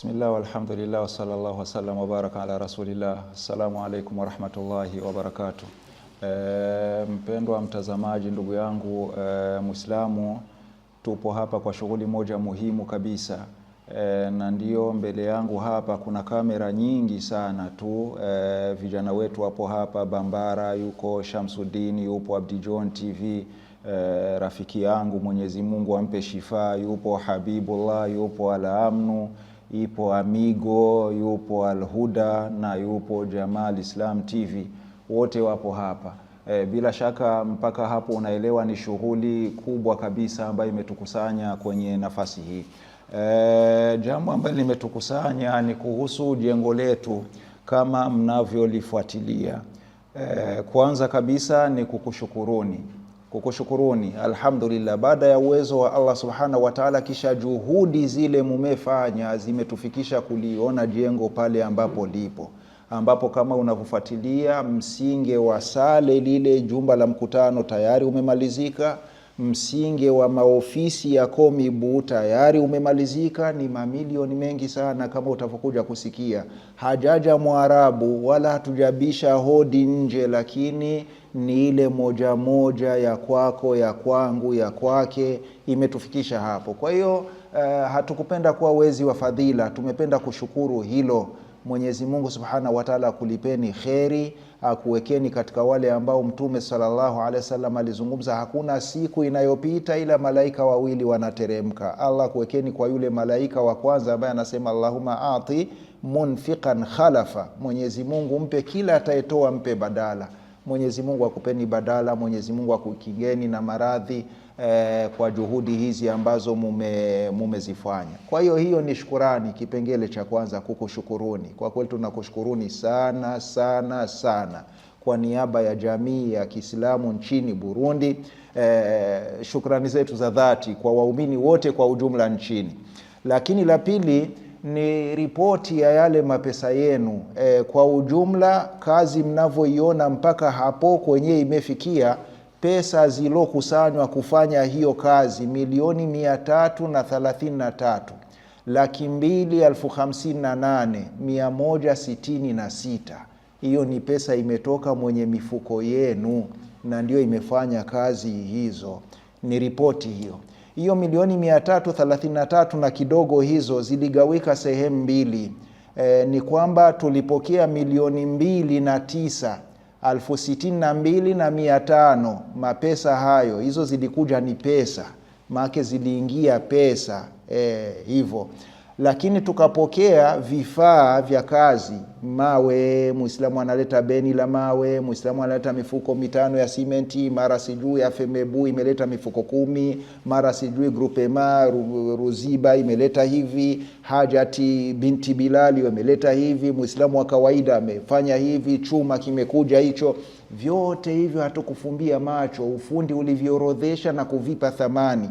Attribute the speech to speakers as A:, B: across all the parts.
A: وصلى الله وسلم وبارك wabaraka رسول rasulillah. السلام عليكم ورحمة الله وبركاته mpendwa mtazamaji, ndugu yangu e, Muislamu, tupo hapa kwa shughuli moja muhimu kabisa e, na ndio mbele yangu hapa kuna kamera nyingi sana tu e, vijana wetu wapo hapa, Bambara yuko, Shamsuddin yupo, Abdijon TV e, rafiki yangu Mwenyezi Mungu ampe shifa yupo, Habibullah yupo, Alaamnu ipo Amigo, yupo Alhuda na yupo Jamal Islam TV, wote wapo hapa. E, bila shaka mpaka hapo unaelewa ni shughuli kubwa kabisa ambayo imetukusanya kwenye nafasi hii. E, jambo ambalo limetukusanya ni kuhusu jengo letu kama mnavyolifuatilia. E, kwanza kabisa ni kukushukuruni kukushukuruni, alhamdulillah. Baada ya uwezo wa Allah subhanahu wa ta'ala, kisha juhudi zile mumefanya zimetufikisha kuliona jengo pale ambapo lipo, ambapo kama unavyofuatilia msinge wa sale, lile jumba la mkutano tayari umemalizika msingi wa maofisi ya Komibu tayari umemalizika. Ni mamilioni mengi sana, kama utavyokuja kusikia. Hajaja Mwarabu wala hatujabisha hodi nje, lakini ni ile moja moja ya kwako ya kwangu ya kwake imetufikisha hapo. Kwa hiyo uh, hatukupenda kuwa wezi wa fadhila, tumependa kushukuru hilo Mwenyezi Mungu Subhanahu wa Ta'ala akulipeni kheri, akuwekeni katika wale ambao Mtume sallallahu alaihi wasallam alizungumza, hakuna siku inayopita ila malaika wawili wanateremka. Allah akuwekeni kwa yule malaika wa kwanza ambaye anasema allahuma ati munfiqan khalafa, Mwenyezi Mungu mpe kila atayetoa mpe badala. Mwenyezi Mungu akupeni badala, Mwenyezi Mungu akukingeni na maradhi Eh, kwa juhudi hizi ambazo mume mumezifanya. Kwa hiyo hiyo ni shukurani, kipengele cha kwanza, kukushukuruni. Kwa kweli tunakushukuruni sana sana sana kwa niaba ya jamii ya Kiislamu nchini Burundi. Eh, shukrani zetu za dhati kwa waumini wote kwa ujumla nchini. Lakini la pili ni ripoti ya yale mapesa yenu eh, kwa ujumla kazi mnavyoiona mpaka hapo kwenye imefikia pesa zilokusanywa kufanya hiyo kazi milioni mia tatu na thalathini na tatu laki mbili elfu hamsini na nane mia moja sitini na sita. Hiyo ni pesa imetoka mwenye mifuko yenu na ndio imefanya kazi hizo. Ni ripoti hiyo hiyo. Milioni mia tatu thalathini na tatu na kidogo hizo ziligawika sehemu mbili. E, ni kwamba tulipokea milioni mbili na tisa elfu sitini na mbili na mia tano mapesa hayo, hizo zilikuja ni pesa maake ziliingia pesa eh, hivyo lakini tukapokea vifaa vya kazi, mawe. Muislamu analeta beni la mawe, muislamu analeta mifuko mitano ya simenti, mara sijui afemebu imeleta mifuko kumi, mara sijui grupema ruziba imeleta hivi, hajati binti Bilali wameleta hivi, muislamu wa kawaida amefanya hivi, chuma kimekuja hicho. Vyote hivyo hatukufumbia macho, ufundi ulivyoorodhesha na kuvipa thamani.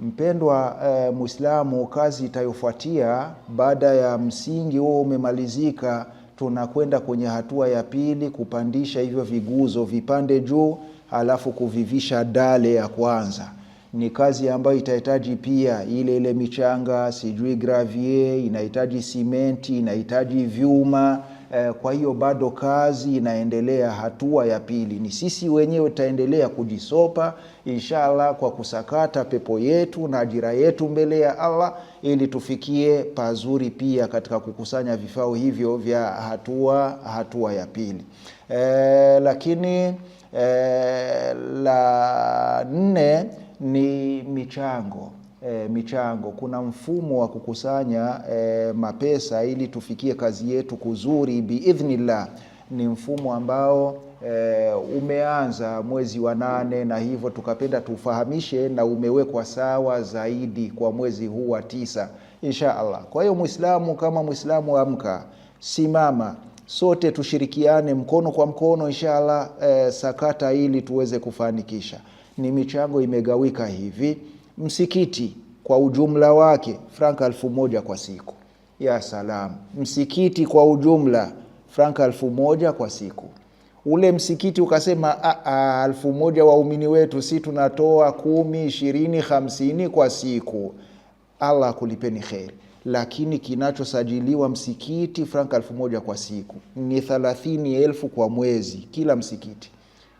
A: Mpendwa e, Muislamu, kazi itayofuatia baada ya msingi huo umemalizika, tunakwenda kwenye hatua ya pili, kupandisha hivyo viguzo vipande juu, halafu kuvivisha dale ya kwanza. Ni kazi ambayo itahitaji pia ile ile michanga, sijui gravier, inahitaji simenti, inahitaji vyuma Eh, kwa hiyo bado kazi inaendelea. Hatua ya pili ni sisi wenyewe tutaendelea kujisopa inshallah kwa kusakata pepo yetu na ajira yetu mbele ya Allah ili tufikie pazuri pia katika kukusanya vifao hivyo vya hatua hatua ya pili. E, lakini e, la nne ni michango e, michango, kuna mfumo wa kukusanya e, mapesa ili tufikie kazi yetu kuzuri biidhnillah. Ni mfumo ambao e, umeanza mwezi wa nane, na hivyo tukapenda tufahamishe, na umewekwa sawa zaidi kwa mwezi huu wa tisa insha Allah. Kwa hiyo Muislamu kama Muislamu, amka, simama sote tushirikiane mkono kwa mkono inshallah, eh, sakata ili tuweze kufanikisha. Ni michango imegawika hivi msikiti kwa ujumla wake franka elfu moja kwa siku. Ya salam, msikiti kwa ujumla franka elfu moja kwa siku. Ule msikiti ukasema ah, ah, elfu moja waumini wetu, si tunatoa kumi, ishirini, hamsini kwa siku, Allah kulipeni kheri lakini kinachosajiliwa msikiti franka elfu moja kwa siku ni thalathini elfu kwa mwezi kila msikiti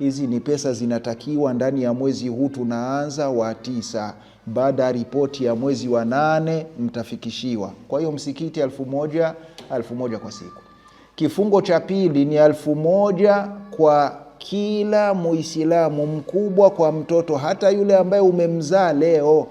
A: hizi ni pesa zinatakiwa ndani ya mwezi huu tunaanza wa tisa, baada ya ripoti ya mwezi wa nane mtafikishiwa. Kwa hiyo msikiti elfu moja elfu moja kwa siku. Kifungo cha pili ni elfu moja kwa kila Muislamu, mkubwa kwa mtoto, hata yule ambaye umemzaa leo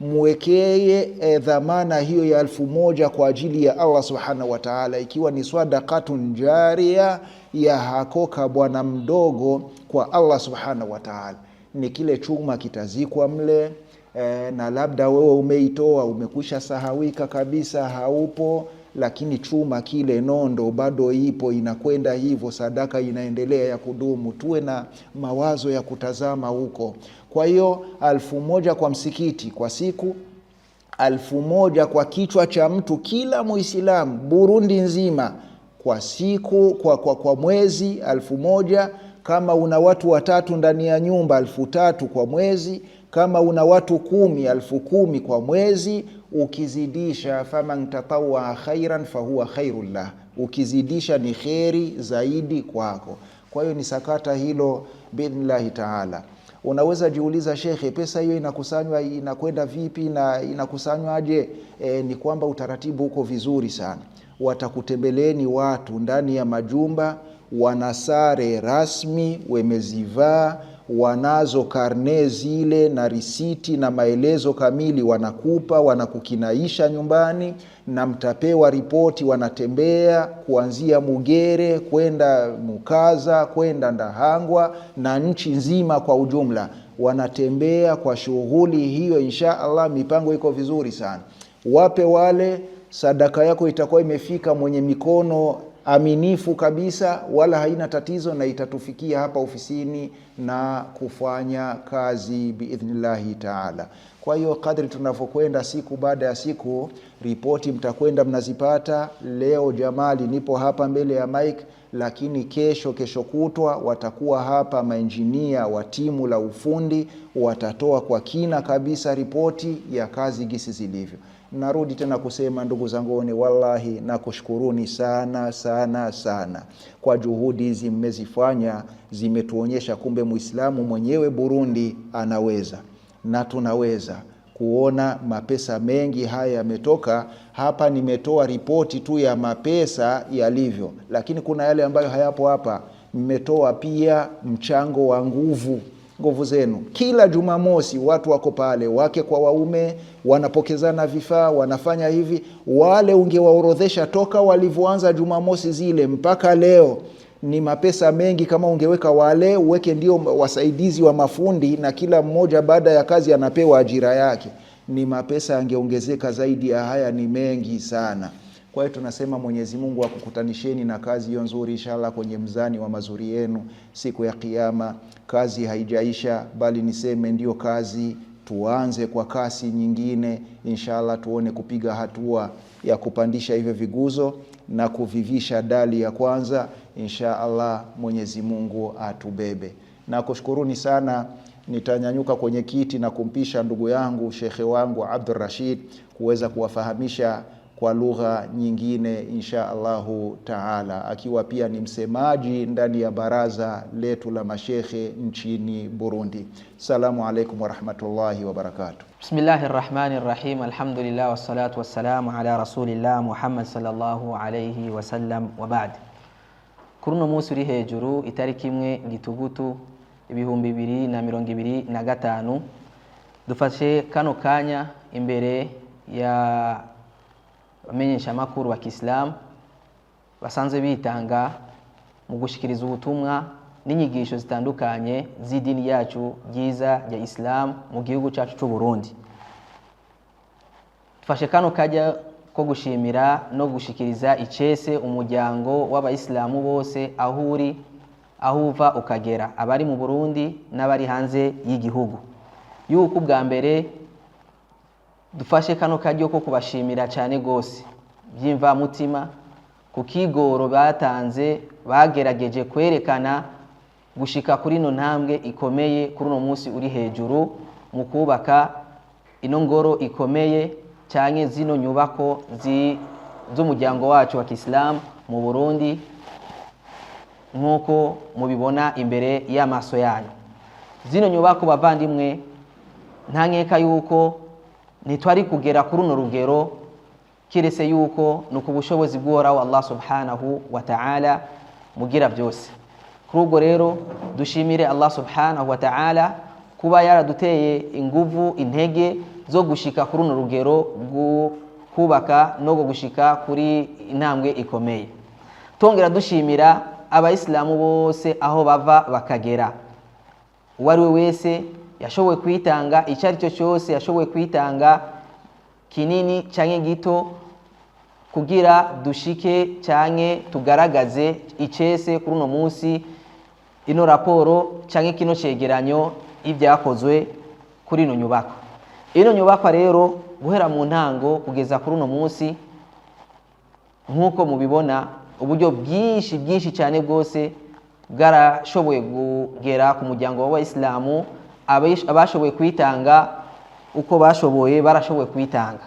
A: mwekee e, eh, dhamana hiyo ya elfu moja kwa ajili ya Allah subhanahu wa taala, ikiwa ni sadakatun jaria ya hakoka bwana mdogo kwa Allah subhanahu wa taala. Ni kile chuma kitazikwa mle e, na labda wewe umeitoa umekwisha sahawika kabisa, haupo lakini chuma kile nondo bado ipo inakwenda hivyo, sadaka inaendelea ya kudumu. Tuwe na mawazo ya kutazama huko. Kwa hiyo alfu moja kwa msikiti kwa siku, alfu moja kwa kichwa cha mtu kila Muislamu Burundi nzima kwa siku kwa, kwa, kwa mwezi alfu moja. Kama una watu watatu ndani ya nyumba, alfu tatu kwa mwezi. Kama una watu kumi, elfu kumi kwa mwezi, ukizidisha faman tatawaa khairan fahuwa khairu lah, ukizidisha ni kheri zaidi kwako. Kwa hiyo ni sakata hilo biidhnillahi taala. Unaweza jiuliza shekhe, pesa hiyo inakusanywa inakwenda vipi na inakusanywaje? E, ni kwamba utaratibu uko vizuri sana. Watakutembeleeni watu ndani ya majumba, wanasare rasmi wamezivaa wanazo karne zile na risiti na maelezo kamili, wanakupa wanakukinaisha nyumbani, na mtapewa ripoti. Wanatembea kuanzia Mugere kwenda Mukaza kwenda Ndahangwa na nchi nzima kwa ujumla, wanatembea kwa shughuli hiyo. Insha Allah, mipango iko vizuri sana. Wape wale, sadaka yako itakuwa imefika mwenye mikono aminifu kabisa, wala haina tatizo, na itatufikia hapa ofisini na kufanya kazi biidhnillahi taala. Kwa hiyo kadri tunavyokwenda siku baada ya siku, ripoti mtakwenda mnazipata. Leo Jamali nipo hapa mbele ya mike, lakini kesho, kesho kutwa watakuwa hapa mainjinia wa timu la ufundi, watatoa kwa kina kabisa ripoti ya kazi gisi zilivyo. Narudi tena kusema ndugu zanguni, wallahi nakushukuruni sana sana sana kwa juhudi hizi mmezifanya, zimetuonyesha kumbe Muislamu mwenyewe Burundi anaweza na tunaweza kuona mapesa mengi haya yametoka hapa. Nimetoa ripoti tu ya mapesa yalivyo, lakini kuna yale ambayo hayapo hapa. nimetoa pia mchango wa nguvu nguvu zenu. Kila Jumamosi watu wako pale, wake kwa waume, wanapokezana vifaa, wanafanya hivi. Wale ungewaorodhesha toka walivyoanza Jumamosi zile mpaka leo ni mapesa mengi. Kama ungeweka wale uweke ndio wasaidizi wa mafundi, na kila mmoja baada ya kazi anapewa ajira yake, ni mapesa yangeongezeka zaidi ya haya, ni mengi sana. Kwa hiyo tunasema Mwenyezi Mungu akukutanisheni na kazi hiyo nzuri, inshallah kwenye mzani wa mazuri yenu siku ya Kiyama. Kazi haijaisha, bali niseme ndiyo kazi tuanze kwa kasi nyingine, inshallah tuone kupiga hatua ya kupandisha hivyo viguzo na kuvivisha dali ya kwanza, insha Allah Mwenyezi Mungu atubebe. Na kushukuruni sana, nitanyanyuka kwenye kiti na kumpisha ndugu yangu shekhe wangu Abdul Rashid kuweza kuwafahamisha kwa lugha nyingine insha Allahu taala, akiwa pia ni msemaji ndani ya baraza letu la mashekhe nchini Burundi. Salamu alaikum warahmatullahi wabarakatuh.
B: Bismillahi rahmani rahim, alhamdulillah wassalatu wassalamu ala rasulillah Muhammad sallallahu alayhi wasallam wa ba'd. kuruno munsi uri hejuru itariki imwe gitugutu ibihumbi bibiri na mirongo ibiri na gatanu dufashe kano kanya imbere ya abamenyeshamakuru ba kisilamu basanzwe bitanga mu gushyikiriza ubutumwa n'inyigisho zitandukanye z'idini yacu ryiza rya isilamu mu gihugu cyacu cy'u Burundi dufashe kano kajya ko gushimira no gushyikiriza icese umuryango w'abayisilamu bose aho uri aho uva ukagera abari mu Burundi n'abari hanze y'igihugu yuko ubwa mbere dufashe kano karyo ko kubashimira cyane rwose by'imvamutima ku kigoro batanze bagerageje kwerekana gushika kuri ino ntambwe ikomeye kuri uno munsi uri hejuru mu kubaka ino ngoro ikomeye cyane zino nyubako z'umuryango wacu wa kisilamu mu burundi nk'uko mubibona imbere y'amaso yanyu zino nyubako bavandimwe nta nkeka y'uko ntitwari kugera kuri runo rugero keretse yuko ni uku bushobozi bw'uhoraho Allah subhanahu wa ta'ala mugira byose kuri ubwo rero dushimire Allah subhanahu wa ta'ala kuba yaraduteye inguvu intege zo gushika kuri runo rugero rwo kubaka no gushika kuri intambwe ikomeye tongera dushimira abayisilamu bose aho bava bakagera uwo ari we wese yashoboye kuyitanga icyo ari cyo cyose yashoboye kwitanga kinini cyangwa gito kugira dushike cyangwa tugaragaze icyese kuri uno munsi ino raporo cyangwa kino cyegeranyo y'ibyakozwe kuri ino nyubako ino nyubako rero guhera mu ntango kugeza kuri uno munsi nk'uko mubibona uburyo bwinshi bwinshi cyane bwose bwarashoboye kugera ku muryango w'abayisilamu abashoboye kuyitanga uko bashoboye barashoboye kuyitanga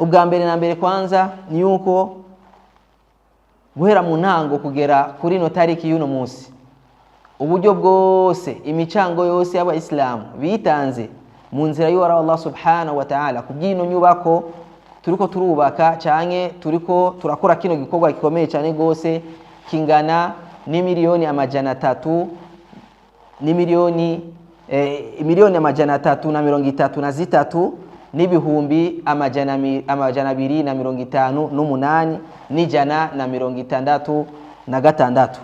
B: ubwa mbere na mbere kwanza ni uko guhera mu ntango kugera kuri notariki tariki y'uno munsi uburyo bwose imicango yose y'abayisilamu bitanze mu nzira y'uwari Allah subhanahu wa ta'ala ku by'ino nyubako turiko turubaka cyane turiko turakora kino gikorwa gikomeye cyane rwose kingana n'imiliyoni amajana atatu n'imiliyoni eh, miliyoni amajana atatu na mirongo itatu na zitatu n'ibihumbi amajana abiri na mirongo itanu n'umunani n'ijana na mirongo itandatu na gatandatu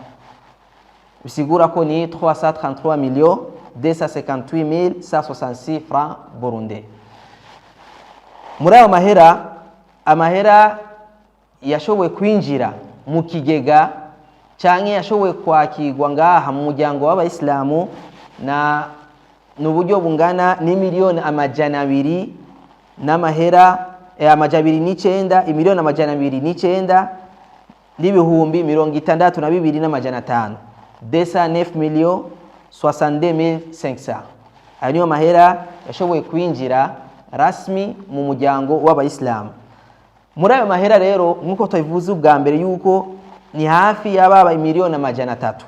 B: bisigura ko ni 333 millions 258,166 francs burunde muri ayo mahera amahera yashoboye kwinjira mu kigega cyangwa yashoboye kwakirwa ngaha mu muryango w'abayisilamu na ni uburyo bungana n'imiliyoni amajana abiri n'amahera eh, amajana abiri n'icyenda imiliyoni amajana abiri n'icyenda n'ibihumbi mirongo itandatu na bibiri n'amajana atanu desa nefu miliyo swasande mili senkisa ayo niyo mahera yashoboye kwinjira rasmi mu muryango w'abayisilamu muri ayo mahera rero nk'uko tubivuze ubwa mbere yuko ni hafi y'ababa imiliyoni amajana atatu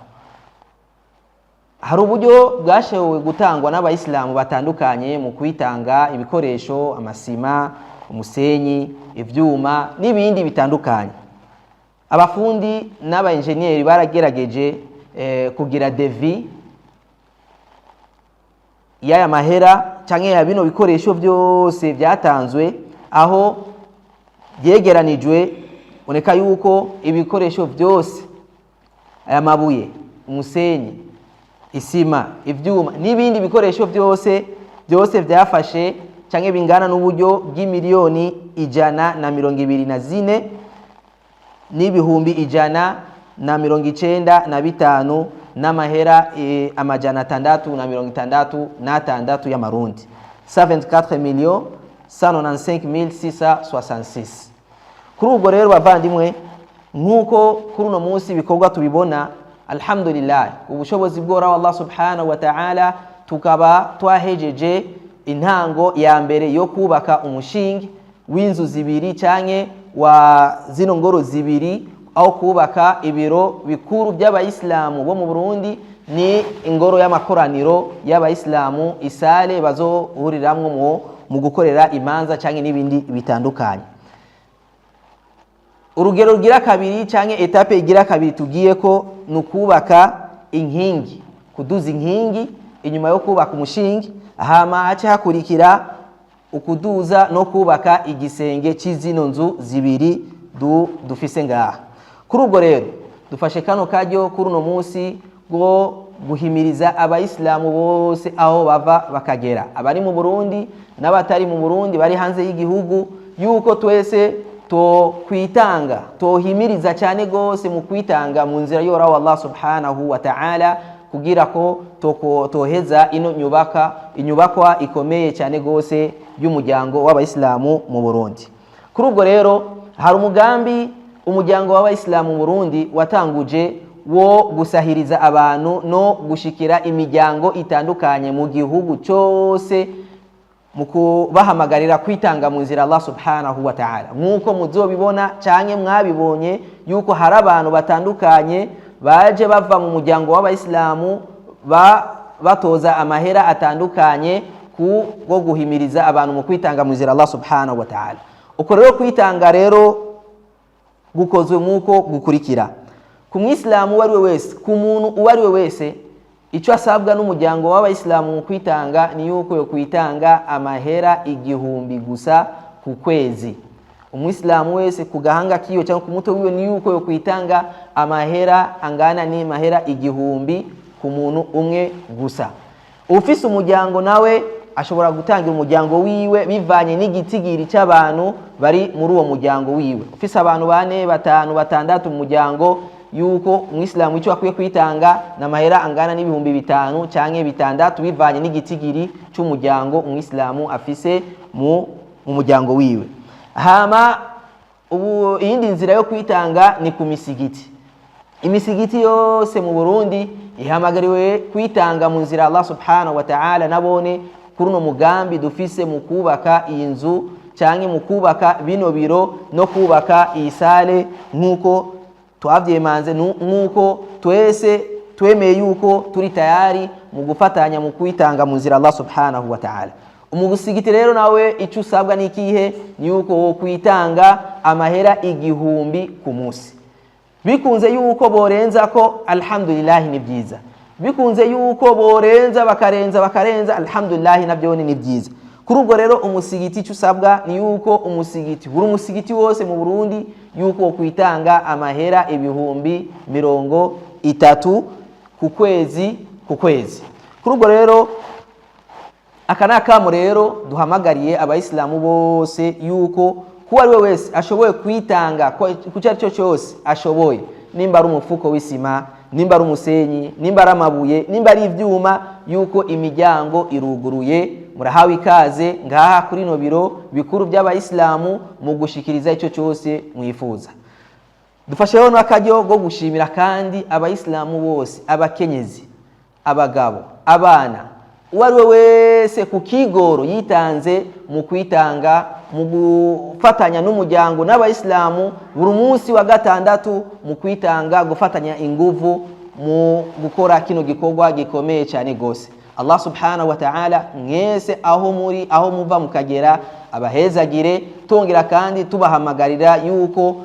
B: hari uburyo bwashewe gutangwa n'abayisilamu batandukanye mu kwitanga ibikoresho amasima umusenyi ibyuma n'ibindi bitandukanye abafundi n'abayenjeniyeri baragerageje eh, kugira devi y'aya mahera cyangwa ya bino bikoresho byose byatanzwe aho byegeranijwe boneka yuko ibikoresho byose aya mabuye umusenyi isima ibyuma n'ibindi bikoresho byose byose byafashe cyangwa bingana n'uburyo bw'imiliyoni ijana na mirongo ibiri na zine n'ibihumbi ijana na mirongo icyenda na bitanu n'amahera eh, amajyana atandatu na mirongo itandatu n'atandatu y'amarundi 74 million 195,666 kuri ubwo rero bavandimwe nk'uko kuri uno munsi ibikorwa tubibona alhamdulillah ubushobozi bworaho allah subhanahu wa ta'ala tukaba twahejeje intango ya mbere yo kubaka umushinge w'inzu zibiri cyane wa zino ngoro zibiri aho kubaka ibiro bikuru by'abayisilamu bo mu burundi ni ingoro y'amakoraniro y'abayisilamu isale bazohuriramwo mu gukorera imanza cyangwa n'ibindi bitandukanye urugero rugira kabiri cyangwa etape igira kabiri tugiye ko ni ukubaka inkingi kuduza inkingi inyuma yo kubaka umushingi hama hace hakurikira ukuduza no kubaka igisenge cy'izino nzu zibiri dufise ngaha kuri ubwo rero dufashe kano kajyo kuri uno munsi bwo guhimiriza abayisilamu bose aho bava bakagera abari mu burundi n'abatari mu burundi bari hanze y'igihugu yuko twese tokwitanga tohimiriza cyane gose mu kwitanga mu nzira yoraho Allah subhanahu wa ta'ala kugira ko toheza ino nyubaka inyubakwa ikomeye cyane gose y'umuryango w'abayisilamu mu Burundi kuri ubwo rero hari umugambi umuryango w'abayisilamu mu Burundi watanguje wo gusahiriza abantu no gushikira imiryango itandukanye mu gihugu cyose mu kubahamagarira kwitanga mu nzira Allah subhanahu wa ta'ala nk'uko muzobibona canke mwabibonye yuko hari abantu batandukanye baje bava mu muryango w'abayisilamu batoza amahera atandukanye ku bwo guhimiriza abantu mu kwitanga mu nzira Allah subhanahu wa ta'ala uko rero kwitanga rero gukozwe nk'uko gukurikira ku mwisilamu uwo ari we wese ku muntu uwo ari we wese icyo asabwa n'umuryango w'abayisilamu mu kwitanga ni yuko yo kwitanga amahera igihumbi gusa ku kwezi umwisilamu wese ku gahanga kiwe cyangwa ku muto wiwe ni yuko yo kwitanga amahera angana ni igihumbi ku muntu umwe gusa ufise umuryango nawe ashobora gutangira umuryango wiwe bivanye n'igitigiri cy'abantu bari muri uwo muryango wiwe ufise abantu bane batanu batandatu mu muryango yuko umwisilamu icyo akwiye kwitanga na mahera angana n'ibihumbi bitanu cyangwa bitandatu bivanye n'igitigiri c'umuryango umwisilamu afise mu muryango wiwe hama ubu iyindi nzira yo kwitanga ni ku misigiti imisigiti yose mu Burundi ihamagariwe kwitanga mu nzira Allah subhanahu wa ta'ala nabone kuri uno mugambi dufise mu kubaka iyi nzu cyangwa mu kubaka bino biro no kubaka iyi sale nk'uko twabyemanze nk'uko twese twemeye yuko turi tayari mu gufatanya mu kwitanga mu nzira Allah subhanahu wa ta'ala umugusigiti rero nawe icyo usabwa ni ikihe ni yuko wo kwitanga amahera igihumbi ku munsi bikunze yuko borenza ko alhamdulillahi ni byiza bikunze yuko borenza bakarenza bakarenza alhamdulillahi nabyo ni byiza kuri ubwo rero umusigiti icyo usabwa ni yuko umusigiti buri umusigiti wose mu burundi yuko kwitanga amahera ibihumbi mirongo itatu ku kwezi ku kwezi kuri ubwo rero aka ni akamu rero duhamagariye abayisilamu bose yuko kuwo ari we wese ashoboye kwitanga ku cyo ari cyo cyose ashoboye nimba ari umufuko w'isima nimba ari umusenyi nimba ari amabuye nimba ari ibyuma yuko imiryango iruguruye murahawe ikaze ngaha kuri ino biro bikuru by'abayisilamu mu gushyikiriza icyo cyose mwifuza dufashe rero n'akaryo ko gushimira kandi abayisilamu bose abakenyezi abagabo abana uwo ari we wese ku kigoro yitanze mu kwitanga mu gufatanya n'umuryango n'abayisilamu buri munsi wa gatandatu mu kwitanga gufatanya ingufu mu gukora kino gikorwa gikomeye cyane rwose allah subhanahu wa ta'ala mwese aho muri aho muva mukagera abahezagire tongera kandi tubahamagarira yuko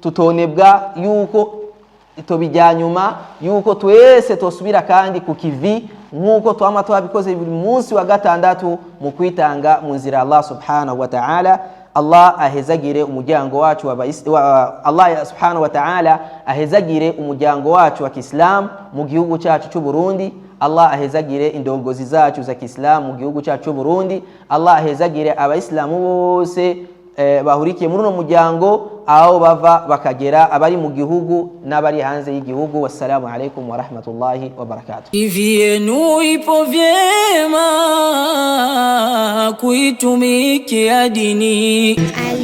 B: tutonebwa yuko tubijya nyuma yuko twese tosubira kandi ku kivi nk'uko twama twabikoze buri munsi wa gatandatu mu kwitanga mu nzira allah subhanahu wa ta'ala allah ahezagire umujyango wacu wa allah subhanahu wa ta'ala ahezagire umujyango wacu wa Kiislamu mu gihugu cyacu cyo Burundi Allah ahezagire indongozi zacu za Kiislamu mu gihugu cyacu Burundi Allah ahezagire abaislamu bose eh, bahurikiye muri uno mujyango aho bava bakagera abari mu gihugu n'abari hanze y'igihugu. Wassalamu alaikum warahmatullahi wabarakatuh. TV yenu ipo vyema kuitumikia dini. Al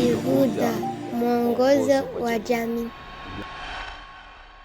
B: mwongozo wa jamii.